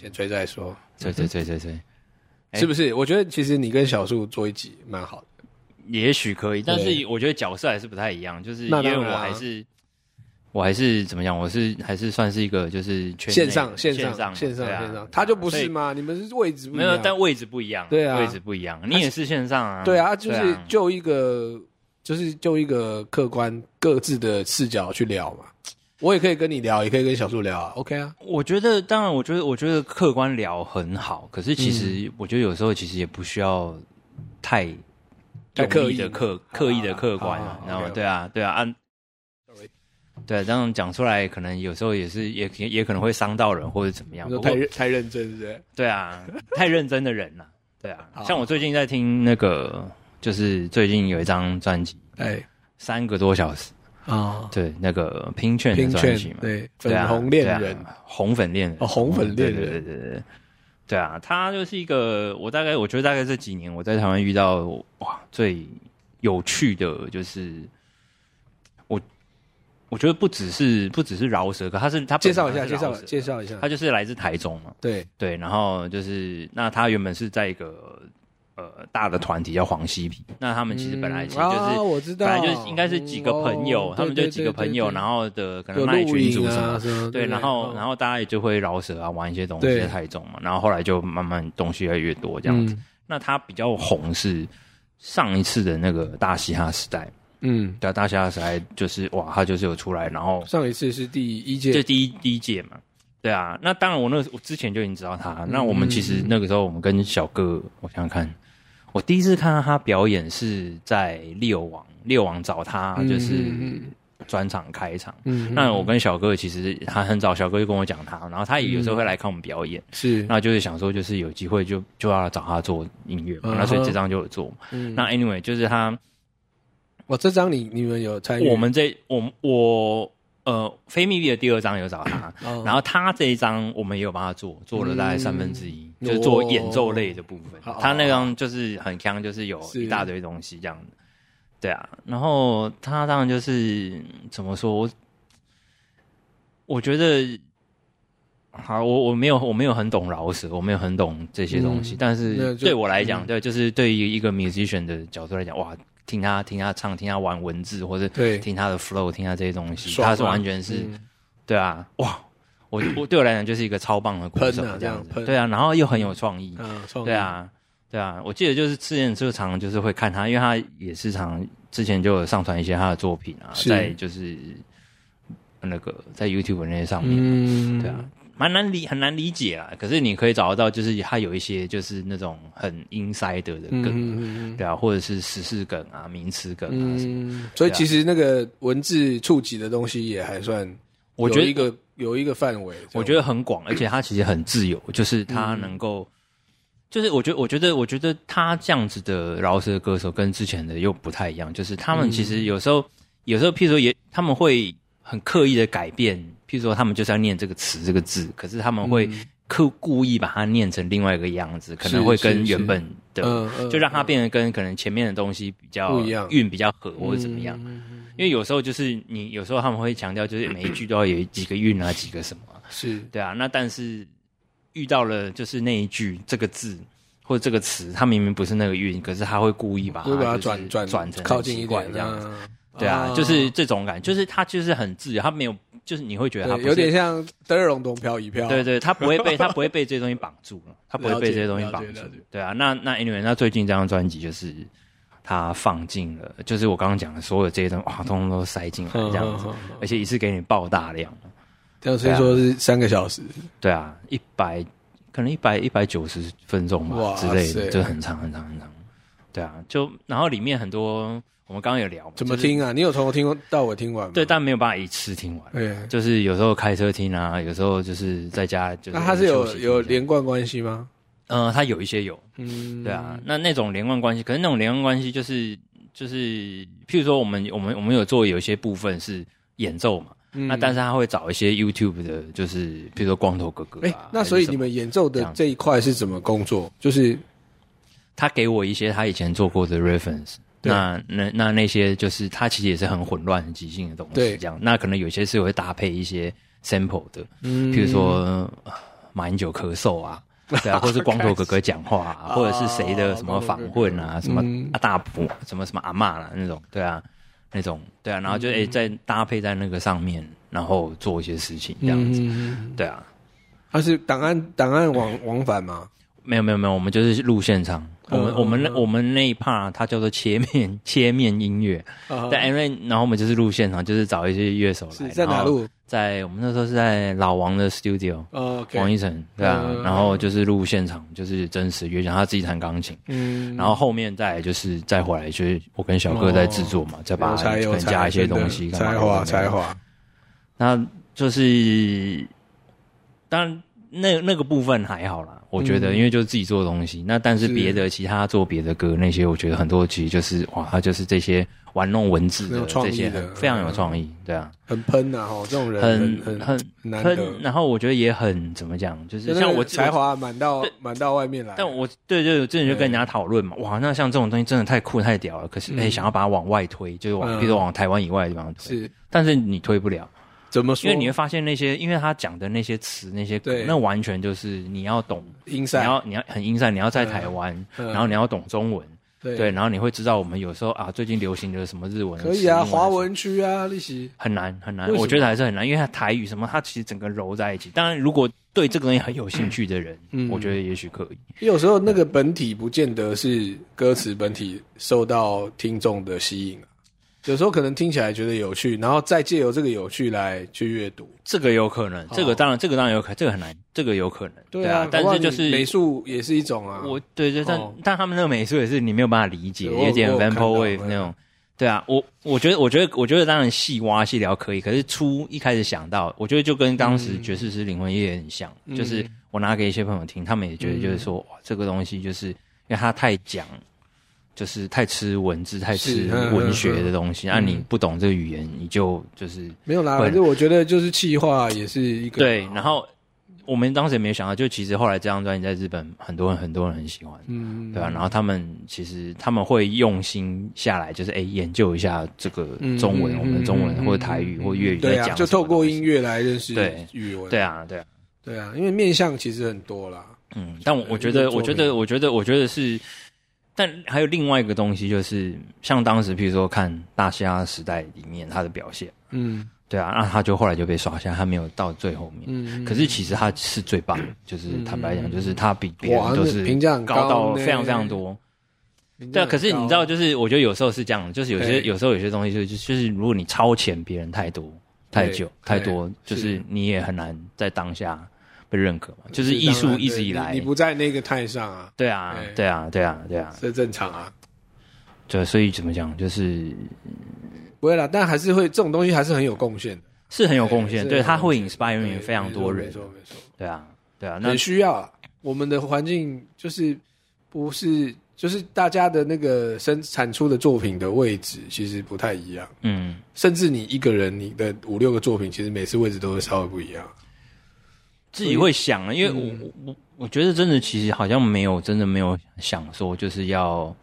先吹再說，吹吹吹吹吹，是不是、欸？我覺得其實你跟小樹做一集蠻好的，也許可以。但是我覺得角色還是不太一樣，就是因為我還是，啊、我還是怎麼講？我是還是算是一個就是線上線上線上、啊、線上線上，他就不是嗎？你們是位置沒有，但位置不一樣，對啊，位置不一樣，你也是線上啊，對啊，就是就一個、啊、就是就一個客觀各自的視角去聊嘛。我也可以跟你聊，也可以跟小樹聊啊，OK 啊。我覺得，當然，我覺得，我覺得客觀聊很好，可是其實、嗯、我覺得有時候其實也不需要太、嗯、太刻意的客刻意的客觀嘛、啊啊啊啊啊，然後、okay、啊對啊，對啊，按對、啊啊對啊、這樣講出來，可能有時候也是也也，也可能會傷到人或者怎麼樣，太太認真是不是，對對啊， 太認真的人吶、啊，對啊。像我最近在聽那個，就是最近有一張專輯，哎、欸，三個多小時。啊，對那個 PiNkChAiN，PiNkChAiN 的專輯嘛，對，那個 Chain，對對啊，粉紅戀人，啊，紅粉戀人，哦，紅粉戀人，嗯、對，對對對對，對啊，他就是一個，我大概我覺得大概這幾年我在台灣遇到哇最有趣的就是我我覺得不只是不只是饒舌，歌，他，他是他介紹一下介紹介紹一下，他就是來自台中嘛，對對，然後就是那他原本是在一個。呃，大的團體叫黃西皮、嗯，那他們其實本來其實就是、啊我知道，本來就是應該是幾個朋友、嗯哦，他們就幾個朋友，然後的可能賣群組，對，然後，、啊然，後哦、然後大家也就會饒舌啊，玩一些東西太重嘛，然後後來就慢慢東西越來越多這樣子、嗯。那他比較紅是上一次的那個大嘻哈時代，嗯，對啊、大嘻哈時代就是哇，他就是有出來，然後上一次是第一屆，這第一第一屆嘛，對啊，那當然我那我之前就已經知道他、嗯，那我們其實那個時候我們跟小哥，我想想看。我第一次看到他表演是在 Leo 王，Leo 王找他就是專場開場。嗯、那我跟小哥其實他很早，小哥就跟我講他，然後他也有時候會來看我們表演。是、嗯，那就是想說，就是有機會就就要找他做音樂嘛。那所以這張就有做嘛、嗯。那 anyway，就是他，我、哦、這張你你們有參與？我們這，我我。呃，非秘密的第二張有找他， 哦、然後他這一張我們也有幫他做，做了大概三分之一，嗯、就是做演奏類的部分。哦、他那張就是很香，就是有一大堆東西這樣的。對啊，然後他當然就是怎麼說，我，我覺得好、啊，我我沒有我沒有很懂饒舌，我沒有很懂這些東西，嗯、但是對我來講，對、嗯，就是對於一個 musician 的角度來講，哇。聽他聽他唱，聽他玩文字，或者聽他的 flow，聽他這些東西，他是完全是、嗯，對啊，哇，我我對我來講就是一個超棒的歌手這樣子，啊這樣子，對啊，然後又很有創意，嗯，對啊，對啊，我記得就是之前就常常就是會看他，因為他也是常之前就有上傳一些他的作品啊，在就是那個在 YouTube 那些上面，嗯、對啊。蠻難理，很難理解啦。可是你可以找得到，就是他有一些就是那種很 inside 的梗、啊嗯，對啊，或者是時事梗啊、名詞梗啊。嗯、啊。所以其實那個文字觸及的東西也還算，我覺得一個有一個範圍，我覺得很廣，而且他其實很自由，就是他能夠、嗯，就是我覺得，我覺得，我覺得他這樣子的饒舌歌手跟之前的又不太一樣，就是他們其實有時候、嗯、有時候，譬如說也他們會很刻意的改變。譬如說，他們就是要念這個詞、這個字，可是他們會刻故意把它念成另外一個樣子，嗯、可能會跟原本的是是是、呃、就讓它變得跟可能前面的東西比較不一樣、韻比較合，或者怎麼樣、嗯嗯嗯。因為有時候就是你有時候他們會強調，就是每一句都要有幾個韻啊，幾個什麼，是對啊。那但是遇到了就是那一句這個字或者這個詞，它明明不是那個韻，可是他會故意把它轉轉轉成靠近一點這樣子。啊對啊、哦，就是這種感覺，就是他就是很自由，他沒有。就是你會覺得他有點像德隆東漂一飄，對對，他不會被它不會被這些東西綁住了，他不會被這些東西綁住。對啊，那那 anyway，那最近這張專輯就是他放進了，就是我剛剛講的，所有這些東西哇，通通都塞進來這樣子，而且一次給你爆大量。這樣所以說是三個小時，對啊，一百可能一百一百九十分鐘吧之類的，就很長很長很長。對啊，就然後裡面很多。我們剛剛有聊、就是，怎麼聽啊？你有從我聽到我聽完嗎？對，但沒有辦法一次聽完。對、欸，就是有時候開車聽啊，有時候就是在家就是。那、啊、他是有有連貫關係嗎？嗯、呃，他有一些有。嗯，對啊。那那種連貫關係，可是那種連貫關係就是就是，譬如說我們，我們我們我們有做有一些部分是演奏嘛。嗯、那但是他會找一些 YouTube 的，就是譬如說光頭哥哥、啊。哎、欸，那所以你們演奏的這一塊是怎麼工作？就是他給我一些他以前做過的 reference。那那那那些就是，它其實也是很混亂、很即興的東西，這樣。那可能有些是會搭配一些 sample 的，嗯，比如說馬英九咳嗽啊，對啊， 或是光頭哥哥講話啊 啊，啊，或者是誰的什麼訪問啊、嗯什什，什麼阿大埔，什麼什麼阿嬤啦那種，對啊，那種對啊，然後就誒再、嗯欸、搭配在那個上面，然後做一些事情這樣子，嗯、對啊。它是檔案檔案往往返嗎？沒有沒有沒有，我們就是錄現場。Uh, 我們我們那我們那一 part 它叫做切面切面音樂，但 anyway 然後我們就是錄現場，就是找一些樂手來，在哪錄？在我們那時候是在老王的 studio，uh, okay. 王一晨對啊，uh -huh. 然後就是錄現場，就是真實樂手他自己彈鋼琴，嗯、uh -huh.，然後後面再來就是再回來，就是我跟小哥在製作嘛，uh -huh. 再把再加一些東西，才華才華，那就是當然。那那個部分還好啦，我覺得，因為就是自己做的東西。嗯、那但是別的其他做別的歌那些，我覺得很多其實就是哇，他就是這些玩弄文字的、的這些、嗯，非常有創意，對啊。很噴吶，哈，這種人很很很噴。然後我覺得也很怎麼講，就是像我就才華滿到滿到外面來。但我對，對對，我真的就跟人家討論嘛，哇，那像這種東西真的太酷太屌了。可是哎、嗯欸，想要把它往外推，就是往比、嗯、如說往台灣以外的地方推，是，但是你推不了。怎麼說？因為你會發現那些，因為他講的那些詞，那些歌，那完全就是你要懂 inside, 你要你要很 inside，你要在台灣、嗯嗯，然後你要懂中文對，對，然後你會知道我們有時候啊，最近流行的什麼日文可以啊，華文區啊，那些很難很難，我覺得還是很難，因為他台語什麼，他其實整個揉在一起。當然，如果對這個人很有興趣的人，嗯、我覺得也許可以。有時候那個本體不見得是歌詞本體受到聽眾的吸引。有時候可能聽起來覺得有趣，然後再借由這個有趣來去閱讀，這個有可能，哦，這個當然，這個當然有可能，這個很難，這個有可能。對啊，對啊，但是就是美術也是一種啊。我，我對對，哦，但但他們那個美術也是你沒有辦法理解，有點 vapor wave 那種。對啊，我我覺得，我覺得，我覺得當然細挖細聊可以，可是初一開始想到，我覺得就跟當時爵士是靈魂樂很像，嗯，就是我拿給一些朋友聽，他們也覺得就是說，嗯，哇，這個東西就是因為它太講。就是太吃文字，太吃文學的東西。那、啊嗯、你不懂這個語言，你就就是沒有啦。反正我覺得，就是氣話也是一個。 對。然後我們當時也沒想到，就其實後來這張專輯在日本，很多人很多人很喜歡，嗯，對吧、啊？然後他們其實他們會用心下來，就是哎、欸，研究一下這個中文，嗯、我們的中文、嗯、或者台語、嗯、或粵語東西對講、啊。就透過音樂來認識對語文對對、啊，對啊，對啊，對啊，因為面向其,、啊啊啊、其實很多啦。嗯，但我覺,我覺得，我覺得，我覺得，我覺得是。但還有另外一個東西，就是像當時，譬如說看《大嘻哈時代》裡面他的表現，嗯，對啊，那他就後來就被刷下，他沒有到最後面。嗯、嗯，可是其實他是最棒，嗯嗯，就是坦白講，就是他比別人都是評價高到非常非常多。欸、對，可是你知道，就是我覺得有時候是這樣，就是有些、欸、有時候有些東西，就是就是如果你超前別人太多、欸、太久太多、欸，就是你也很難在當下。被認可嘛？就是藝術一直以來，你不在那個台上啊。對啊，對，對啊，對啊，對啊，對啊，這正常啊。對，所以怎麼講，就是不會啦，但還是會這種東西，還是很有貢獻，是很有貢獻。對，它會 inspire 非常多人，沒錯沒錯。對啊，對啊，很需要啊，我們的環境就是不是，就是大家的那個生產出的作品的位置其實不太一樣。嗯，甚至你一個人，你的五六個作品，其實每次位置都會稍微不一樣。自己會想啊、嗯，因為我我我覺得真的其實好像沒有真的沒有想說就是要，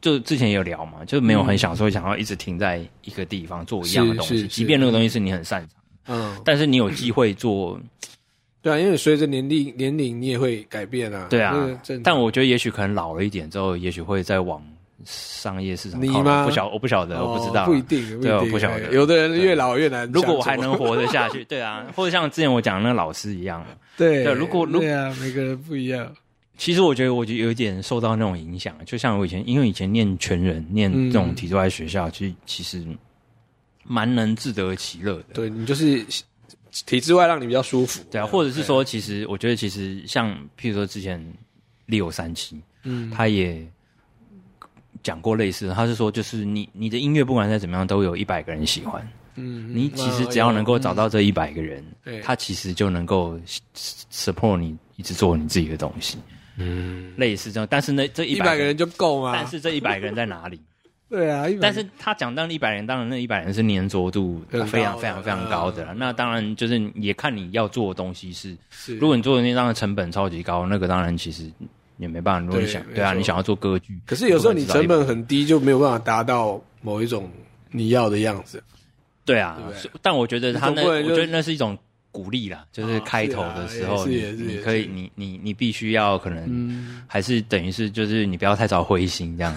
就之前也有聊嘛，就沒有很想說、嗯、想要一直停在一個地方做一樣的東西，即便那個東西是你很擅長，嗯，但是你有機會做，對啊，因為隨着年齡年齡你也會改變啊，對啊，但我覺得也許可能老了一點之後，也許會再往。商業市場，你嗎？不曉，我不曉得、哦，我不知道，不一定，對，不我不曉得、欸。有的人越老越難，如果我還能活得下去，對啊， 或者像之前我講的那個老師一樣，對，對如果如果對啊，每個人不一樣。其實我覺得，我就有點受到那種影響。就像我以前，因為以前念全人，念這種體制外學校，嗯、其實其實蠻能自得其樂的。對你就是體制外，讓你比較舒服。對啊，對啊或者是說、啊，其實我覺得，其實像譬如說之前六三七，7, 嗯，他也。講過類似的，他是說，就是你你的音樂不管再怎麼樣，都有一百個人喜歡。嗯，你其實只要能夠找到這一百個人、嗯，他其實就能夠 support 你一直做你自己的東西。嗯，類似這樣。但是那這一百個人就夠嗎？但是這一百個人在哪裡？ 對啊，100, 但是他講到一百人，當然那一百人是粘着度非常,非常非常非常高的、嗯。那當然就是也看你要做的東西是，是啊、如果你做的那張的成本超級高，那個當然其實。也沒辦法，如果你想對，對啊，你想要做歌劇，可是有時候你成本很低，就沒有辦法達到某一種你要的樣子。對啊，啊對啊對對，但我覺得他那、就是，我覺得那是一種鼓勵啦，就是開頭的時候，你、啊啊、你可以，你你你，你必須要可能、嗯，還是等於是就是你不要太早灰心這樣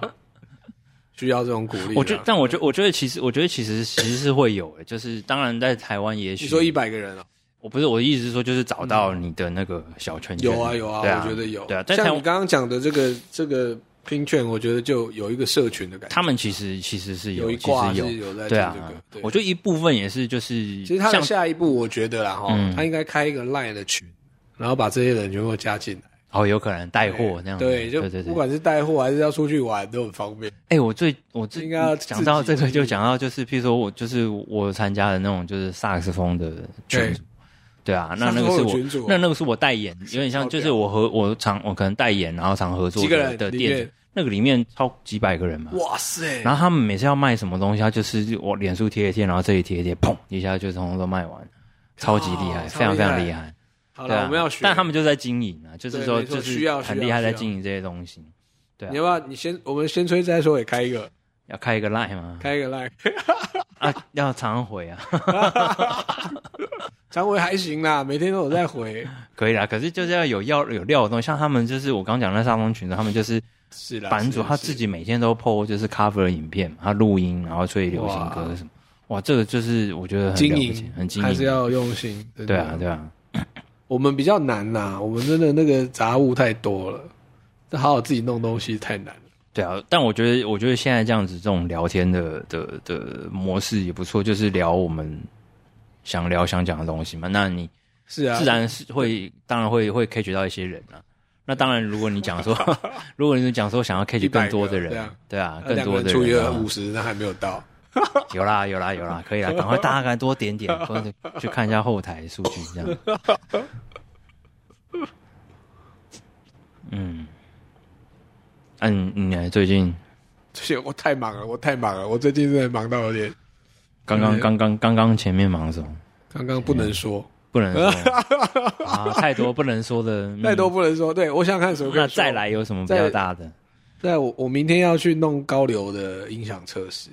子。 需要這種鼓勵，我覺，但我覺得，我覺得其實，我覺得其實其實是會有的、欸，就是當然在台灣，也許你說一百個人了、喔。我不是我的意思是說，就是找到你的那個小圈子、圈圈，嗯圈圈。有啊有啊，啊，我覺得有。對啊，像你剛剛講的這個這個 PiNkChAiN，我覺得就有一個社群的感覺。他們其實其實是有，有一掛有有在做這個。對啊，對，我覺得一部分也是就是，其實他下一步，我覺得啦，哈，嗯，哦，他應該開一個 LINE 的群，然後把這些人全部加進來。哦，有可能帶貨那樣。對，就對，對對對，不管是帶貨還是要出去玩都很方便。哎，欸，我最我最應該要講到這個就講到就是，譬如說我就是我參加的那種就是薩克斯風的群。對啊，那那個是我是、啊，那那個是我代言，有點像就是我和我常我可能代言，然後常合作的店，那個裡面超幾百個人嘛，哇塞！然後他們每次要賣什麼東西，他就是我臉書貼一貼，然後這裡貼一貼，砰一下就統統都賣完了，超級厲害、哦、害，非常非常厲害、害。好了、啊，我們要學，但他們就在經營啊，就是說就是需要很厲害在經營這些東西。對、啊，你要不要你先，我們先吹再說，也開一個，要開一個 line 嗎？開一個 line 啊，要常回啊。 常委還行啦，每天都有在回、啊，可以啦。可是就是要有要有料的東西，像他們就是我剛講那沙龍群的，他們就是是版主，他自己每天都 PO 就是 cover 的影片，他錄音然後吹流行歌什麼哇，哇，這個就是我覺得很了不起，精英很精英，還是要有用心。對對。對啊，對啊，我們比較難吶、啊，我們真的那個雜物太多了，這好好自己弄東西太難了。對啊，但我覺得我覺得現在這樣子這種聊天的的的模式也不錯，就是聊我們。想聊想講的東西嘛？那你是自然會是會、啊，當然會會 catch 到一些人啊。那當然如果你講說，呵呵，如果你講說，如果你講說想要 catch 更多的人，對啊，更多的人啊。五十那還沒有到，有啦有啦有啦，可以啦趕快，大概趕快多點點， 去看一下後台數據這樣。 嗯，嗯、啊，嗯，你最近最近，我太忙了，我太忙了，我最近真的忙到有點。剛剛剛剛剛剛前面忙什麼？剛剛不能說，不能說 啊，太多不能說的，太多不能說。對我想看什麼？那再來有什麼比較大的在？在我我明天要去弄高流的音響測試，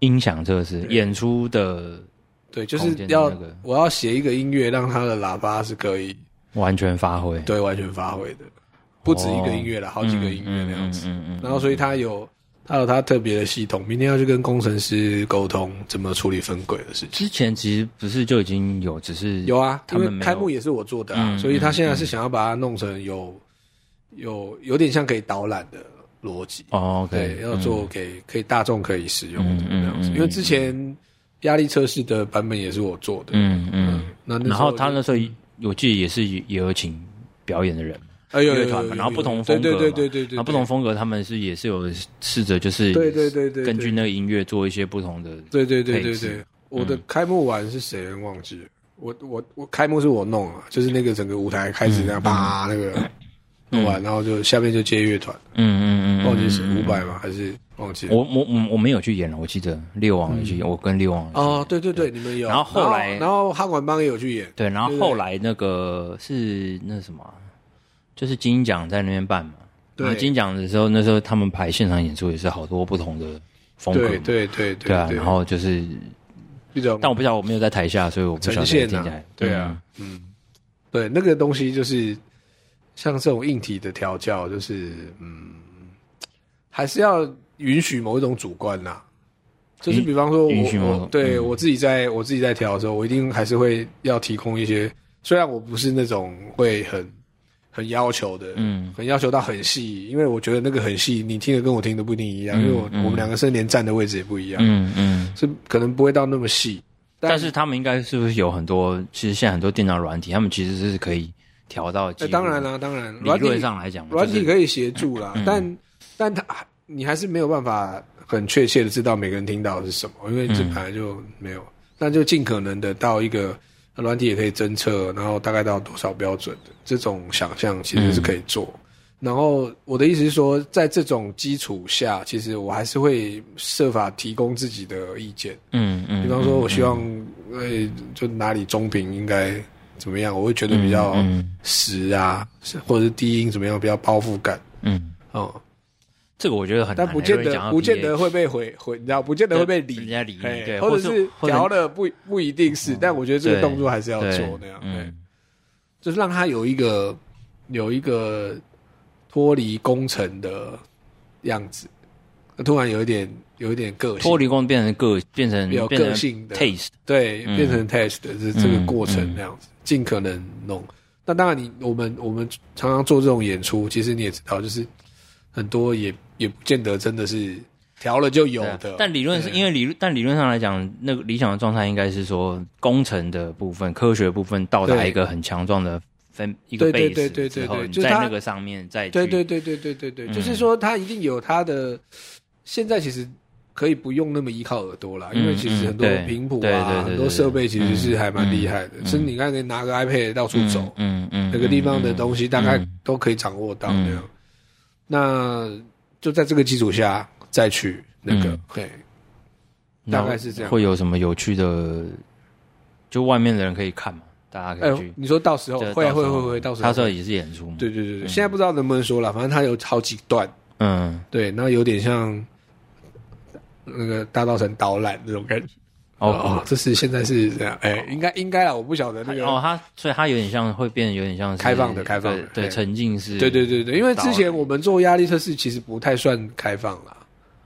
音響測試演出的，的，那個，對，就是要我要寫一個音樂，讓它的喇叭是可以完全發揮，對，完全發揮的，不止一個音樂啦，好幾個音樂那樣子，哦嗯嗯嗯嗯嗯嗯，然後所以它有。他有他特別的系統，明天要去跟工程師溝通怎麼處理分軌的事情。之前其實不是就已經有，只是有啊，他們開幕也是我做的啊、嗯，所以他現在是想要把它弄成有、嗯嗯、有有點像可以導覽的邏輯。哦，okay, 對，要做給可以、嗯、可以大眾可以使用的樣子、嗯嗯。因為之前壓力測試的版本也是我做的，嗯嗯。嗯然那然後他那時候我記得也是也有請表演的人。哎，樂團，然後不同風格，對對對對對，然後不同風格，他們是也是有試着就是，對對對對，根據那個音樂做一些不同的，對對對對對，對。我的開幕完是誰？忘記，我我我開幕是我弄了，啊，就是那個整個舞台開始那樣啪，啊，那個弄完，然後就下面就接樂團，嗯嗯嗯，忘記是五百嗎？還是忘記？我我我我沒有去演了，啊，我記得六王也去演，我跟六王哦，對對對，你們有，然後後來，然後哈管幫也有去演，對，然後後來那個是那個什麼，啊。就是金獎在那邊辦嘛，對。金獎的時候，那時候他們排現場演出也是好多不同的風格，對對對，對，對，對啊，然後就是一種但我不曉得我沒有在台下，所以我不曉得呈現、啊、聽起來對啊，嗯，對，那個東西就是像這種硬體的調教，就是嗯，還是要允許某一種主觀吶、啊，就是比方說我，允許我，我對、嗯、我自己在我自己在調的時候，我一定還是會要提供一些，雖然我不是那種會很。很要求的，嗯，很要求到很細、嗯，因為我覺得那個很細，你聽的跟我聽的不一定一樣，嗯、因為我、嗯、我們兩個是連站的位置也不一樣，嗯嗯，是可能不會到那麼細。但是他們應該是不是有很多？其實現在很多電腦軟體，他們其實是可以調到、欸。當然啦、啊，當然，理論上來講、就是，軟體可以協助啦，就是嗯嗯、但但他你還是沒有辦法很確切的知道每個人聽到的是什麼，因為這本來就沒有，那、嗯、就盡可能的到一個。那軟體也可以偵測，然後大概到多少標準的這種想象，其實是可以做、嗯。然後我的意思是說，在這種基礎下，其實我還是會設法提供自己的意見。嗯嗯。比方說，我希望，誒、嗯嗯欸、就哪裡中頻應該怎麼樣，我會覺得比較實啊，嗯嗯、或者是低音怎麼樣比較包覆感。嗯哦。嗯這個我覺得很難，但不見得不見得會被毀毀，你知道，不見得會被理人家理你，對對或者是或者調了不不一定是，嗯。但我覺得這個動作還是要做那樣，對。對對嗯、就是讓他有一個有一個脫離工程的樣子，突然有一點有一點個性，脫離工變成個變成有個性的 taste，、嗯、對，變成 taste 的這、就是、這個過程，那樣子、嗯、盡可能弄。嗯、但當然你，你我們我們常常做這種演出，其實你也知道，就是很多也。也不見得真的是調了就有的，但理論是因為理，啊、但理論上來講，那個理想的狀態應該是說，工程的部分、科學部分到達一個很強壯的分一個倍數之後，就在那個上面再對對對對對對對，對，對對對對對對對，嗯、就是說它一定有它的。現在其實可以不用那麼依靠耳朵了，因為其實很多頻譜啊、對對對對對對很多設備其實是還蠻厲害的。所以你剛才拿個 iPad 到處走，嗯嗯，那個地方的東西大概都可以掌握到的。那就在這個基礎下，再去那個、嗯，對，大概是這樣。會有什麼有趣的？就外面的人可以看嘛，大家可以。欸、你說到時候,到時候會會會會,會到時候，也是演出嘛。對對對對，現在不知道能不能說了，反正他有好幾段。嗯，對，然後有點像那個大道神導覽那種感覺。哦哦，這是現在是這樣，哎、欸，應該應該啊，我不曉得那個哦，他、oh,，所以他有點像會變得有點像開放的，開放的，對，對，對，沉浸式，對對對對，因為之前我們做壓力測試其實不太算開放啦。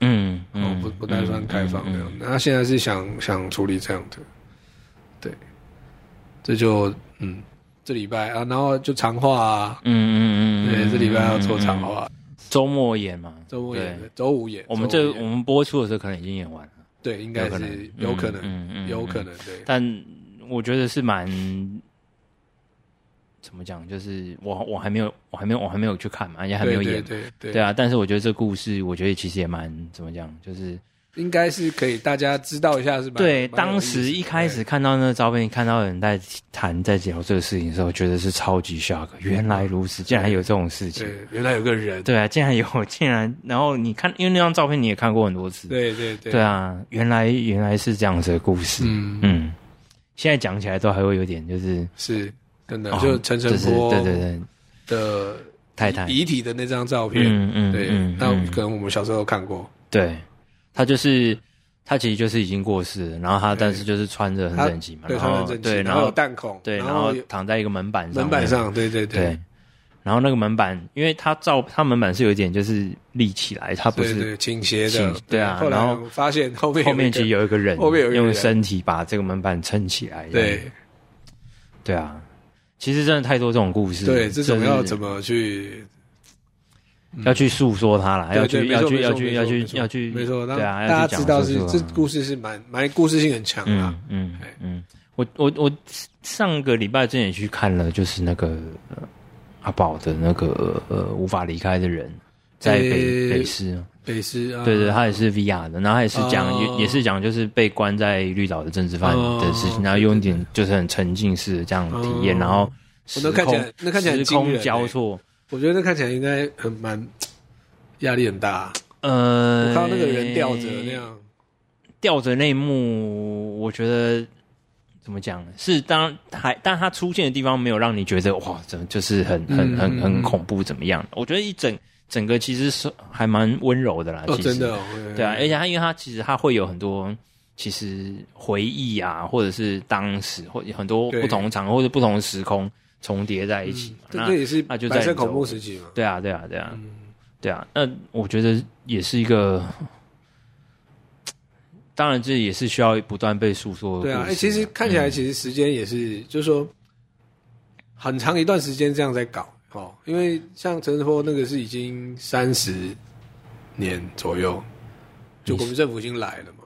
嗯嗯，喔、不不太算開放那樣，那、嗯嗯嗯嗯、現在是想想處理這樣的，對，這就嗯，嗯，這禮拜啊，然後就藏畫啊，嗯嗯嗯對，對嗯對嗯對嗯這禮拜要做藏畫，週末演嘛，週末演，周五,五演，我們這我們播出的時候可能已經演完了。對，應該是有可能，有可能，有可能。嗯嗯嗯、有可能，對，但我覺得是蠻怎麼講？就是我我還沒有，我還沒有，我還沒有去看嘛，而且還沒有演，對對，對，對，對啊。但是我覺得這故事，我覺得其實也蠻怎麼講？就是。應該是可以，大家知道一下是吧？對，當時一開始看到那個照片，看到有人在談在聊這個事情的時候，覺得是超級 shock 原，、啊、原來如此，竟然有這種事情！對，原來有個人，對啊，竟然有，竟然。然後你看，因為那張照片你也看過很多次，對對對，對啊，原來原來是這樣子的故事。嗯嗯，現在講起來都還會有點、就是哦，就是是可能就陳澄波對對對的太太遺體的那張照片，嗯嗯，嗯，對嗯，那可能我們小時候都看過，對。他就是，他其實就是已經過世了，然後他但是就是穿着很整齊嘛，然後對，然後彈孔對，對，然後躺在一個門板上，門板上，對對對。然後那個門板，因為它照它門板是有一點就是立起來，它不是傾斜的，對啊。然後發現後面後，後面其實有一個人，後面有一個人用身體把這個門板撐起來，對，對。對啊，其實真的太多這種故事，對，就是、這種要怎麼去？要去訴說他了，要去，要去，要去，要去，要去，對，對，對，去去去去去對啊，大家知道是，是這故事是蠻蠻故事性很強的，啊。嗯嗯，嗯，我我我上個禮拜之前也去看了，就是那個阿寶、呃啊、的那個呃無法離開的人，在北、欸、北師北師，啊、對，對對，他也是 V R 的，然後他也是講也、啊、也是講就是被關在綠島的政治犯的事情、啊，然後用一點就是很沉浸式的這樣體驗、啊，然後我那，那看起來那看起來時空交錯。我覺得這看起來應該很蠻壓力很大，啊。嗯、呃，我看到那個人吊着那樣，吊着那一幕，我覺得怎麼講呢，是當還，但他出現的地方沒有讓你覺得哇，怎麼就是很很很很恐怖怎麼樣？我覺得一整整個其實是還蠻溫柔的啦。哦，真的，對啊，而且他因為他其實他會有很多其實回憶啊，或者是當時或很多不同場合或者不同時空。重疊在一起，嗯、對，這也是白色恐怖時期嘛，對、啊對啊對啊對啊。對啊，對啊，對啊，對啊。那我覺得也是一個，當然這也是需要不斷被訴說的、啊。對啊，哎、欸，其實看起來其實時間也是、嗯，就是說很長一段時間這樣在搞哦。因為像陳世波那個是已經三十年左右，就國民政府已經來了嘛。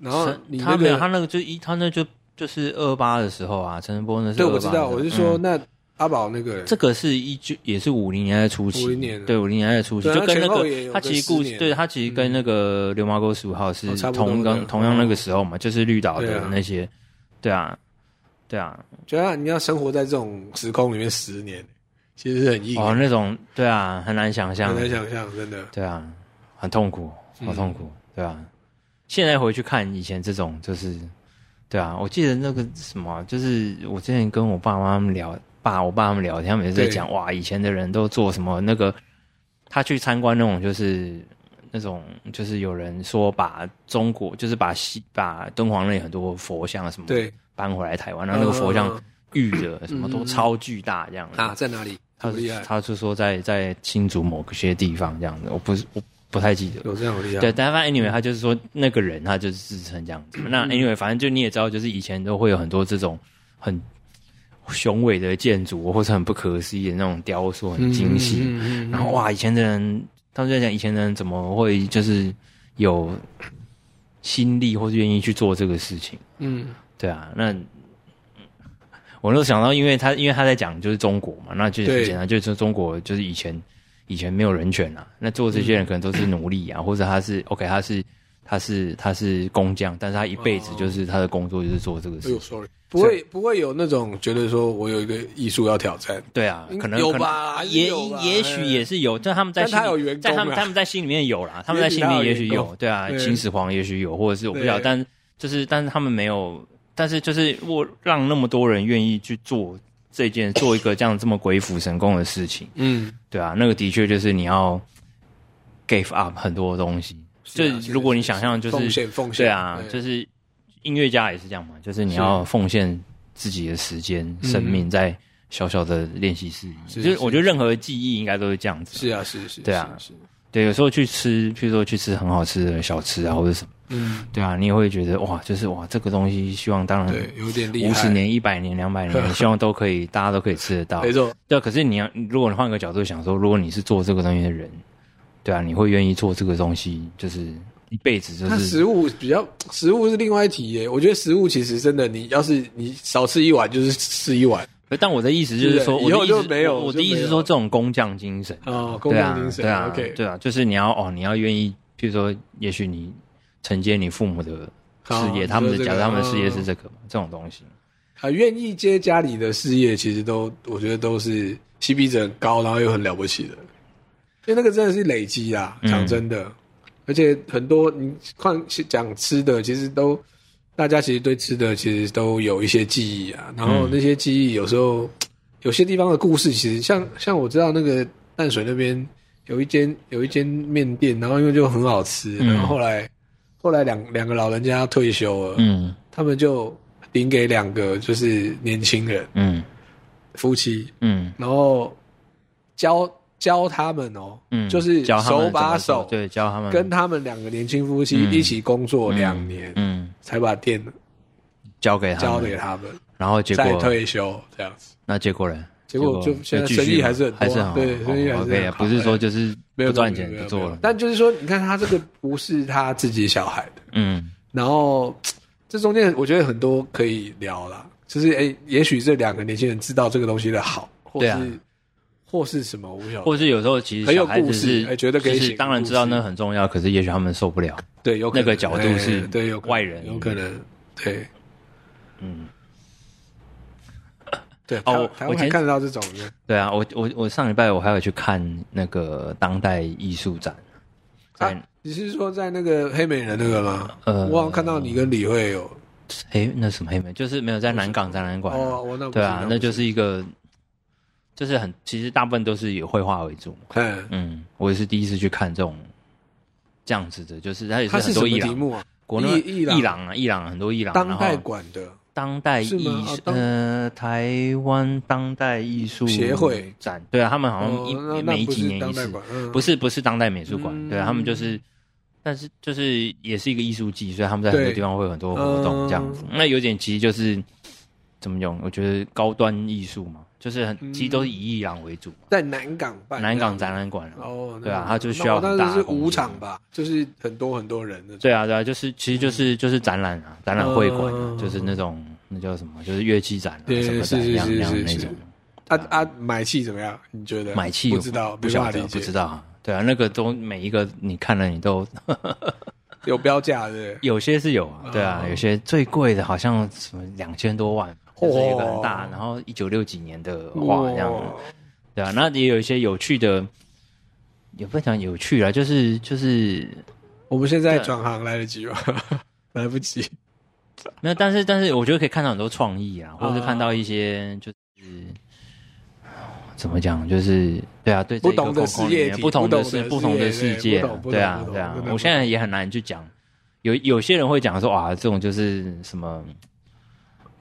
然後你，那個、他沒有，他那個就一他那就。就是二八的時候啊，陳澄波那是。對，我知道，我是說那、嗯、阿寶那個。這個是一九，也是五零年,年,年代初期。對，五零年代初期就跟那個,個他其實故事、嗯，對他其實跟那個《流麻溝十五號》是同剛、哦、同樣那個時候嘛，嗯、就是綠島的那些。對啊，對啊。覺得、啊、你要生活在這種時空裡面十年，其實是很硬哦。那種對啊，很難想象，很難想象，真的對啊，很痛苦，好痛苦、嗯，對啊。現在回去看以前這種，就是。對啊，我記得那個什麼，就是我之前跟我爸媽他們聊，爸，我爸他們聊天，他每次在講哇，以前的人都做什麼？那個他去參觀那種，就是那種，就是有人說把中國，就是把西，把敦煌那裡很多佛像什麼，對，搬回來台灣，然後那個佛像玉的什麼，都超巨大，這樣啊，他在哪裡？他他是說在在清竹某些地方這樣子，我不是。我不太記得、哦，有這樣的這對，但反正 anyway，他就是說那個人，他就是製成這樣子、嗯。那 anyway，反正就你也知道，就是以前都會有很多這種很雄偉的建築，或是很不可思議的那種雕塑，很精細、嗯嗯嗯嗯嗯。然後哇，以前的人，他們就在講以前的人怎麼會就是有心力，或是願意去做這個事情？嗯，對啊。那我那時候想到因，因為他因為他在講就是中國嘛，那就很簡單，就是中國就是以前。以前沒有人權吶、啊，那做這些人可能都是奴隸啊、嗯，或者他是 OK，他是他是他是，他是工匠，但是他一輩子就是他的工作就是做這個事。Sorry，不會不會有那種覺得說我有一個藝術要挑戰。對啊，可能、嗯有，吧嗯、有吧，也也許也是有，但、嗯、他們在心但他、啊、在他們他們在心裡面有啦，他們在心裡面也許有，有，對啊，秦始皇也許有，或者是我不知道，但就是但是他們沒有，但是就是我讓那麼多人願意去做。這件做一個這樣這麼鬼斧神工的事情，嗯，對啊，那個的確就是你要 give up 很多東西。就如果你想象就是，是啊、是是是、奉獻、奉獻、啊啊，對啊，就是音樂家也是這樣嘛，就是你要奉獻自己的時間、生命在小小的練習室裡面、嗯。就是我覺得任何的技藝應該都是這樣子。是啊，是是是。對啊，是是是。對，有時候去吃，譬如說去吃很好吃的小吃啊，嗯、或者什麼。嗯，對啊，你也會覺得哇，就是哇，這個東西希望當然對，有點厲害。五十年、一百年、兩百年，希望都可以， 大家都可以吃得到。沒錯，對啊。可是你要，如果你換個角度想說，如果你是做這個東西的人，對啊，你會願意做這個東西，就是一輩子就是。食物比較，食物是另外一題耶。我覺得食物其實真的，你要是你少吃一碗，就是吃一碗。 但我的意思就是說我，以後就沒有。我的意思，就的意思就是說，這種工匠精神、哦、工匠精神啊，工匠精神對啊、okay，對啊，就是你要哦，你要願意，比如說，也許你。承接你父母的事業，哦、他們的家、這個哦、他們的事業是這個這種東西。他願意接家裡的事業，其實都我覺得都是 CP 值很高，然後又很了不起的。因為那個真的是累積啊，講真的、嗯。而且很多你看講吃的，其實都大家其實對吃的其實都有一些記憶啊。然後那些記憶有時候、嗯、有些地方的故事，其實像像我知道那個淡水那邊有一間有一間麵店，然後因為就很好吃，嗯、然後後來。後來兩兩個老人家退休了，嗯，他們就頂給兩個就是年輕人，嗯，夫妻，嗯，然後教教他們哦、喔，嗯，就是手把手，對，教他們，跟他們兩個年輕夫妻一起工作兩年嗯嗯嗯，嗯，才把店交給他們，交給他們，然後結果再退休這樣子，那結果呢？結果就現在生意還是很多，啊還是很好，對，好，生意還是很好 okay, 好不是說就是沒有賺錢就做了沒有沒有沒有，但就是說，你看他這個不是他自己小孩的，嗯，然後這中間我覺得很多可以聊啦，就是哎、欸，也許這兩個年輕人知道這個東西的好，或是，啊、或是什麼，或是有時候其實很有故事，欸、可以是覺得其實當然知道那很重要，可是也許他們受不了，對，有可能那個角度是，對，有外人，嗯、有可能，對，嗯。對哦，我今看得到這種。對啊，我我我上禮拜我還有去看那個當代藝術展、啊。你是說在那個黑美人那個嗎？呃，我忘了看到你跟李慧有。哎，那什麼黑美人？就是沒有在南港展覽館哦。對啊那，那就是一個，就是很其實大部分都是以繪畫為主。嗯嗯，我也是第一次去看這種這樣子的，就是它也是很多藝，題目、啊、藝廊。國藝廊藝廊啊，藝廊、啊、很多藝廊當代館的。然後當代藝術、啊、呃、台灣當代藝術協會展，對啊，他們好像一每、哦、幾年一次，不是，、嗯、不，是不是當代美術館？嗯，對、啊、他們就是，但是就是也是一個藝術季，所以他們在很多地方會有很多活動這樣子、嗯，那有點其實就是怎麼講，我覺得高端藝術嘛。就是很，其實都是以藝廊為主嘛、嗯，在南港辦南港展覽館、啊、哦、那個，對啊，他就需要很大。當、哦、就是五場吧，就是很多很多人的。對啊，對啊，就是其實就是、嗯、就是展覽啊，嗯、展覽會館就是那種那叫什麼，就是樂器展、啊嗯、什麼展樣樣的那種。是是是是是啊他、啊啊、買氣怎麼樣？你覺得？買氣不知道，不曉得，不知道、啊。對啊，那個都每一個你看了，你都 有標價的。有些是有啊，對啊，嗯、有些最貴的好像什麼兩千多萬。就是一個很大，然後一九六幾年的畫這樣，對啊，那也有一些有趣的，也非常有趣啊。就是就是，我們現在轉行來得及嗎？ 來不及。 那但是但是，我覺得可以看到很多創意啊，或者是看到一些就是怎麼講，就是對啊，對空空不同的，的，的世界，不同的是不同的世界，對啊，對啊。啊、我現在也很難去講，有有些人會講說啊，這種就是什麼。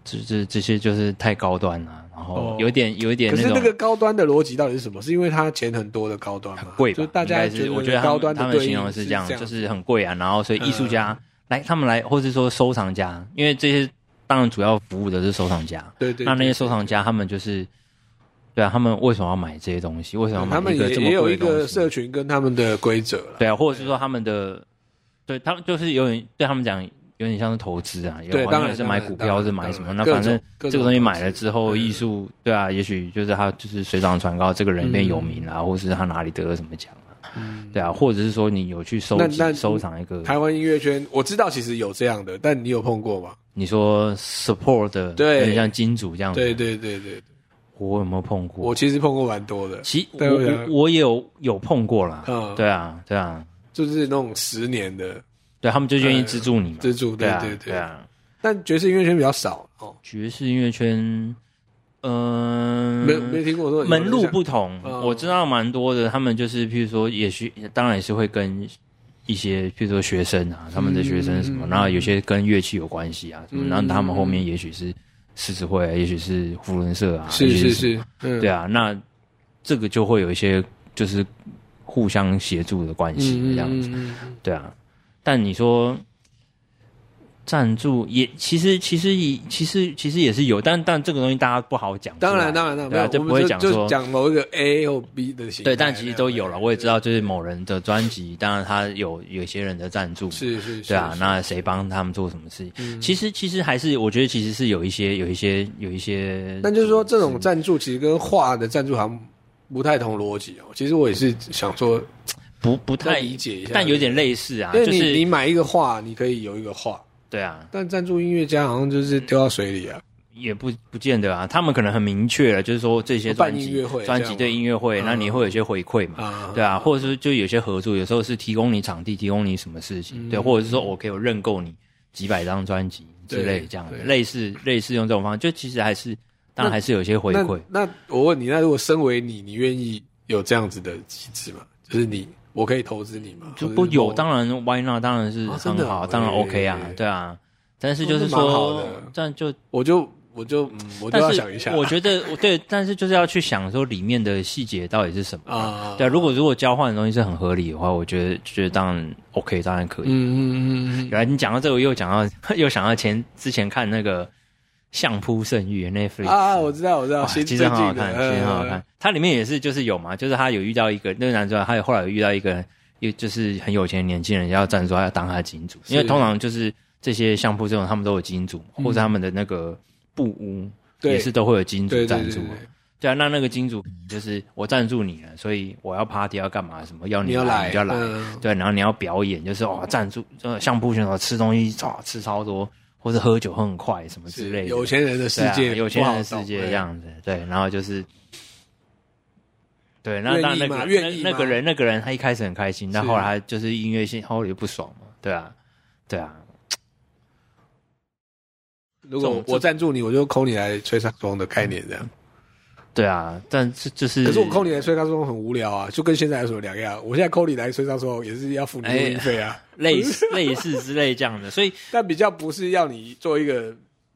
這這這些就是太高端了，然後有點、哦、有一點那，可是那個高端的邏輯到底是什麼？是因為他錢很多的高端，很貴，就大家還是，我覺得高端，他們形容是這，是這樣，就是很貴啊。然後所以藝術家來、嗯、來，他們來，或是說收藏家，因為這些當然主要服務的是收藏家，對，對對。那那些收藏家他們就是，對啊，他們為什麼要買這些東西？為什麼要買、嗯、他們也這麼貴的東西，也有一個社群跟他們的規則，對、啊，對啊，或者是說他們的，對他們就是有點對他們講。有點像是投資啊，有當然是買股票，是買什麼？那反正這個東西買了之後藝術，藝術對啊，對對對，也許就是他就是水漲船高對對對，這個人變有名啦、啊嗯，或是他哪裡得了什麼獎啊、嗯？對啊，或者是說你有去收集收藏一個台灣音樂圈？我知道其實有這樣的，但你有碰過嗎？你說 support 的，對，有點像金主這樣子，對對對對。我有沒有碰過？我其實碰過蠻多的，其對我，我，我也有有碰過啦、嗯。對啊，對啊，就是那種十年的。對他們就願意資助你、嗯、資助對對對，對，啊對啊！但爵士音樂圈比較少哦。爵士音樂圈，嗯、呃，沒沒聽過門路不同、嗯我。我知道蠻多的，他們就是譬如說，也許，當然也是會跟一些譬如說學生啊，他們的學生什麼、嗯，然後有些跟樂器有關係啊，嗯、什麼然後他們後面也許是獅子會，也許是扶輪社啊，是是是，是、嗯，對啊，那這個就會有一些就是互相協助的關係這樣子、嗯，對啊。但你說贊助也其實其實也其實其實也是有，但但這個東西大家不好講。當然當然當然，對啊，我就，就不會講說講某一個 A 或 B 的。對，但其實都有了。我也知道，就是某人的專輯，當然他有有些人的贊助。是是是，對啊，那誰幫他們做什麼事情、嗯？其實其實還是，我覺得其實是有一些有一些有一些。但就是說，是這種贊助其實跟畫的贊助好像不太同邏輯哦。其實我也是想說。 不不太理解一下，但有點類似啊。就是你買一個畫，你可以有一個畫。對啊。但贊助音樂家好像就是丟到水裡啊。也不不見得啊，他們可能很明確了，就是說這些專輯，專輯對音樂會，那你會有些回饋嘛、嗯？對啊。或者是就有些合作，有時候是提供你場地，提供你什麼事情？嗯、對，或者是說我可以有認購你幾百張專輯之類這樣的，類似類似用這種方式，就其實還是當然還是有些回饋。那我問你，那如果身為你，你願意有這樣子的機制嗎？就是你。我可以投資你嗎？就不有當然 why not 當然是很好，oh, 當然 OK 啊，對對對，對啊。但是就是說，oh, 但就我就我就但是，嗯、我就要想一下。我覺得我對，但是就是要去想說裡面的細節到底是什麼啊，啊啊啊啊啊，對啊，如果如果交換的東西是很合理的話，我覺得覺得當然 OK，當然可以。嗯嗯嗯嗯。原來你講到這個，又講到又想到前之前看那個。相撲盛譽那啊，我知道我知道，其實很好看，其實很好看呵呵呵。它裡面也是就是有嘛，就是他有遇到一個那個男主角，他、就、有、是、後來有遇到一個又就是很有錢的年輕人要贊助他，要當他的金主，因為通常就是這些相撲這種他們都有金主，或者他們的那個布屋、嗯、也是都會有金主贊助對對對對對。對啊，那那個金主就是，我贊助你了，所以我要 party 要幹嘛什麼，要你要來你要來，你就要來。對對對，對，然後你要表演就是哇贊助，真的，相撲選手吃東西啊吃超多。或者喝酒很快什麼之類的，有錢人的世界、啊，有錢人的世界這樣子，對，對，然後就是，對，那那那個那，那個人那個人他一開始很開心，但後來他就是音樂性，後來就不爽了，對啊，對啊。如果我贊助你，我就扣你來吹上風的概念這樣。對啊，但是就是，可是我扣你來吹，他說很無聊啊，嗯、就跟現在有什麼兩樣？我現在扣你來吹，他說也是要付你費啊，哎、類似 類似之類這樣的，所以但比較不是要你做一個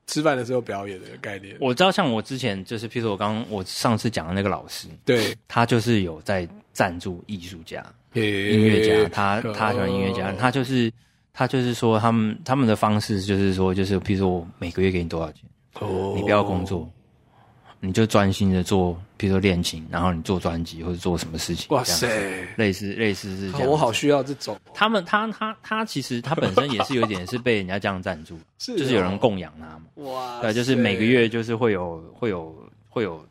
吃飯的時候表演的概念。我知道，像我之前就是，譬如說我剛我上次講的那個老師，對，他就是有在贊助藝術家、hey, 音樂家，他、oh. 他喜歡音樂家，他就是他就是說，他們他們的方式就是說，就是譬如說我每個月給你多少錢，哦、oh.，你不要工作。你就專心的做，比如說練琴，然後你做專輯或者做什麼事情這樣子。哇塞，類似類似是這。好，我好需要這種、哦。他們他他他其實他本身也是有點是被人家這樣贊助 是、哦，就是有人供養他嘛。哇。對，就是每個月就是會有會有會有，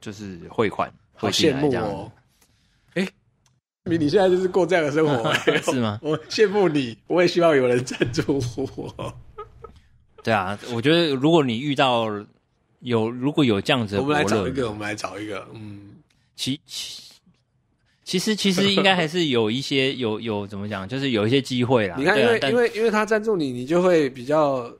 就是匯款會。好羨慕哦。誒、欸、明、嗯，你現在就是過這樣的生活 還有 是嗎？我羨慕你，我也希望有人贊助我。 對啊，我覺得如果你遇到。有如果有這樣子的，我們來找一個，我們來找一個，嗯，其其其實其實應該還是有一些 有有怎麼講，就是有一些機會啦。你看，啊、因為因為因為他贊助你，你就會比較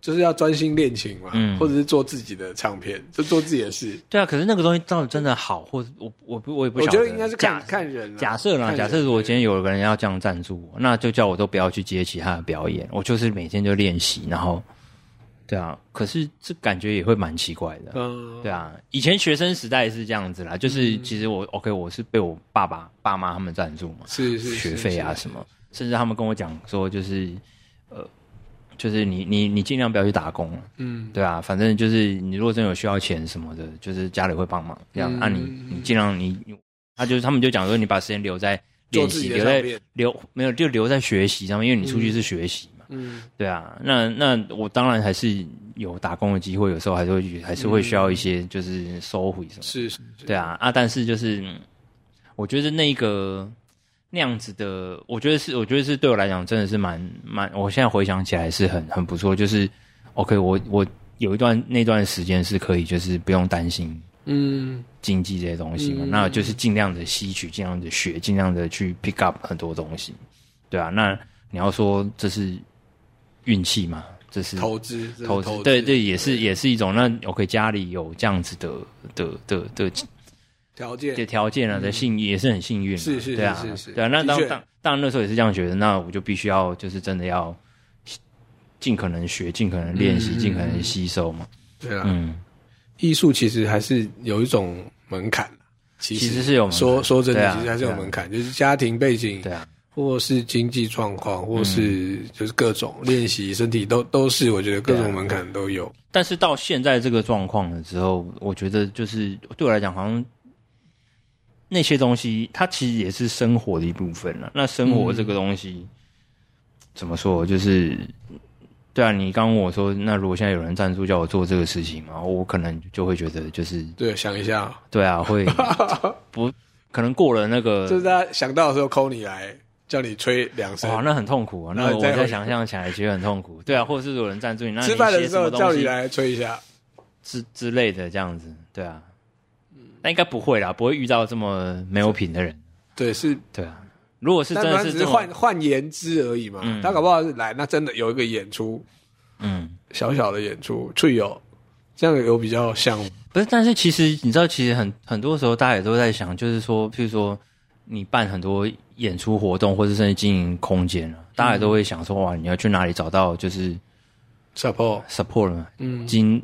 就是要專心練琴嘛、嗯，或者是做自己的唱片，就做自己的事。對啊，可是那個東西到底真的好，或是我我不我也不曉得，我覺得應該是看假看，人、啊、假啦看人。假設啦，假設如果今天有個人要這樣贊助我，那就叫我都不要去接其他的表演，嗯、我就是每天就練習，然後。對啊，可是這感覺也會蠻奇怪的。嗯，對啊，以前學生時代是這樣子啦，就是其實我、嗯、OK，我是被我爸爸、爸媽他們贊助嘛，是，是，學費啊什麼，甚至他們跟我講說，就是呃，就是你你你儘量不要去打工，嗯，對啊，反正就是你如果真有需要錢什麼的，就是家裡會幫忙。這樣，那、嗯啊、你你儘量你，他、啊、就是他們就講說，你把時間留在練習，留、沒有，就留在學習上面，因為你出去是學習。嗯嗯，對啊，那那我當然還是有打工的機會，有時候還是會還是會需要一些，就是收回什麼，是，是，對啊，啊，但是就是我覺得那個那樣子的，我覺得是我覺得是對我來講真的是蠻蠻，我現在回想起來是很很不錯，就是 OK，我我有一段那段時間是可以就是不用擔心嗯經濟這些東西嘛，嗯、那就是盡量的吸取，盡量的學，盡量的去 pick up 很多東西，對啊，那你要說這是。運氣嘛，這，這是投資，投資，對對也是對也是一種那我可以家裡有這樣子的的的的條件，條件啊、嗯、的幸也是很幸運、啊是是是是對啊，是是是是，對啊，那當當當然那時候也是這樣覺得，那我就必須要就是真的要盡可能學，盡可能練習、嗯，盡可能吸收嘛，對啊，嗯，藝術其實還是有一種門檻，其實，其實是有門檻說說真的對、啊，其實還是有門檻，啊、就是家庭背景，對啊。或是經濟狀況，或是就是各種、嗯、練習，身體都都是，我覺得各種門檻都有、啊。但是到現在這個狀況的時候，我覺得就是對我來講，好像那些東西，它其實也是生活的一部分了。那生活這個東西，嗯、怎麼說？就是對啊，你剛剛問我說，那如果現在有人贊助叫我做這個事情嘛，然後我可能就會覺得，就是對，想一下，對啊，會 不可能過了那個，就是他想到的時候 call 你來。叫你吹兩聲，哇，那很痛苦啊！那個，我在想象起來，其實很痛苦。對啊，或者是有人贊助你，吃敗那吃飯的時候叫你來吹一下，之之類的這樣子，對啊。那應該不會啦，不會遇到這麼沒有品的人。對，是，啊，對啊。如果是真的是，只是換換言之而已嘛，他，嗯、搞不好是來那真的有一個演出，嗯，小小的演出吹哦，這樣有比較像。不是，但是其實你知道，其實很很多時候大家也都在想，就是說，譬如說。你辦很多演出活動，或者甚至經營空間、啊、大家都會想說：哇，你要去哪裡找到就是 support support 嘛？嗯，金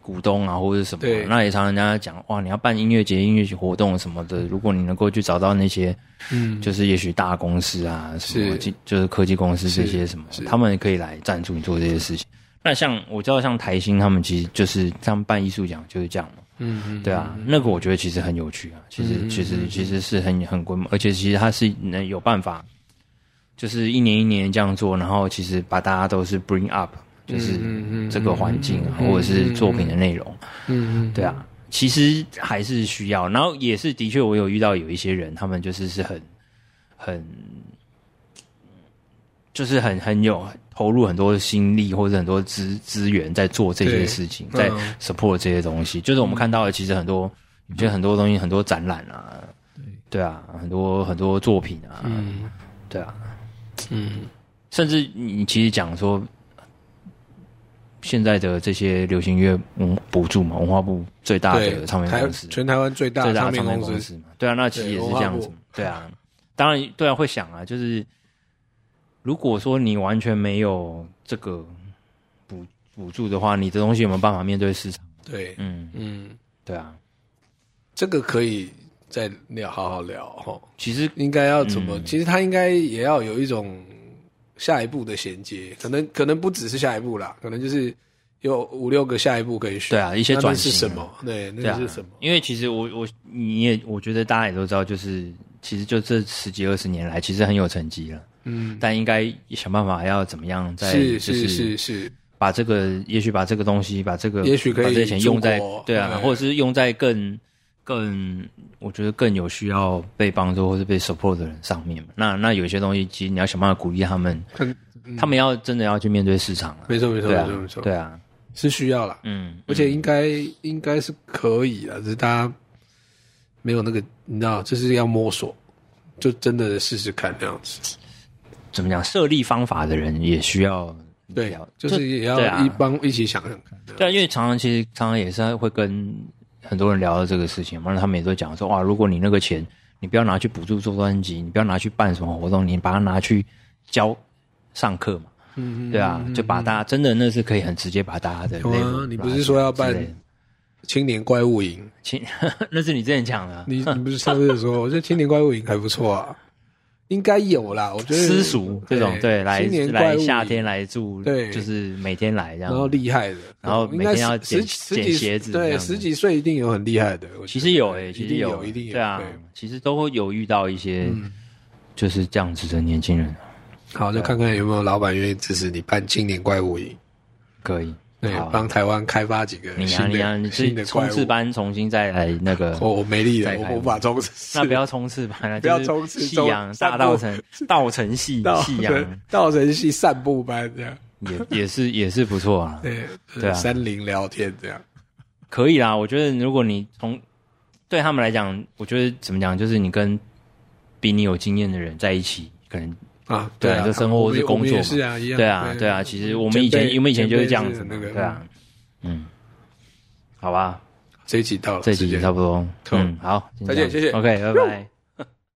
股東啊，或者什麼、啊？那也常人家講：哇，你要辦音樂節、音樂節活動什麼的，如果你能夠去找到那些，嗯，就是也許大公司啊，什麼、嗯，就是科技公司這些什麼，他們可以來贊助你做這些事情。那像我知道，像台新他們其實就是他們辦藝術獎就是這樣。嗯，對啊，那個我覺得其實很有趣啊，其實其實其實是很很規模，而且其實他是能有辦法，就是一年一年這樣做，然後其實把大家都是 bring up，就是這個環境、啊嗯、或者是作品的內容，嗯，對啊，其實還是需要，然後也是的確我有遇到有一些人，他們就是是很很。就是很很有投入很多的心力，或者很多資資源在做這些事情，在 support 這些東西、嗯。就是我們看到的，其實很多，有、嗯、些很多東西，很多展覽啊對，對啊，很多很多作品啊、嗯，對啊，嗯，甚至你其實講說，現在的這些流行樂，嗯，補助嘛，文化部最大的唱片公司，台全台灣最，最大的唱片公司嘛，對啊，那其實也是這樣子對，對啊，當然，對啊，會想啊，就是。如果說你完全沒有這個補補助的話，你的東西有沒有辦法面對市場？對，嗯嗯，對啊，這個可以再聊，好好聊哦。其實應該要怎麼？嗯、其實他應該也要有一種下一步的銜接，可能可能不只是下一步啦，可能就是有五六個下一步可以選。對啊，一些轉型，那那是什麼？對，那個、是什麼、啊？因為其實我我你也我覺得大家也都知道，就是其實就這十幾二十年來，其實很有成績了。嗯，但應該想辦法要怎麼樣？再就是是是，把這個也許把這個東西，把這個也許可以把這些錢用在對啊，對或者是用在更更，我覺得更有需要被幫助或者被 support 的人上面嘛。那那有些東西，其實你要想辦法鼓勵他們、嗯，他們要真的要去面對市場了、啊。沒錯、啊、沒錯、啊、沒錯沒錯，對啊，是需要了。嗯，而且應該、嗯、應該是可以的，只是大家沒有那個，你知道，就是要摸索，就真的試試看這樣子。怎麼講？設立方法的人也需要對要就，就是也要一幫、啊、一,一起想想看。對，因為常常其實常常也是會跟很多人聊到這個事情嘛。他們也都講說，哇，如果你那個錢，你不要拿去補助做專輯，你不要拿去辦什麼活動，你把它拿去教上課嘛。對啊，就把大家真的那是可以很直接把大家在。什、嗯、麼？你不是說要辦青年怪物營？青 那是你之前講的、啊。你你不是上次說， 我覺得青年怪物營還不錯啊。應該有啦，我覺得私塾這種對，對來來夏天來住，對，就是每天來這樣，然後厲害的，然後每天要剪剪鞋子，子，對，十幾歲一定有很厲害的，其實有誒、欸，其實有，一定有，一定有對啊對，其實都會有遇到一些就是這樣子的年輕人。好，那看看有沒有老闆願意支持你辦青年怪物營，可以。對、啊，幫台灣開發幾個新的你的、啊、衝、啊、刺班，重新再來那個。我、哦、我沒力了，我，我把法衝刺。那不要衝刺班、啊，不要衝刺。就是、夕陽大稻埕，稻埕系夕陽，稻埕系散步班這樣，也也是也是不錯啊。對對啊，森林聊天這樣可以啦。我覺得如果你從對他們來講，我覺得怎麼講，就是你跟比你有經驗的人在一起，可能。啊，對啊，這、啊、生活或是工作嘛是，啊一樣，對啊，對啊，對啊，其實我們以前，我們以前就是這樣子，子對啊，嗯，好吧，這一集到了，這一集也差不多，嗯，好，再見，謝謝，OK，拜拜。呃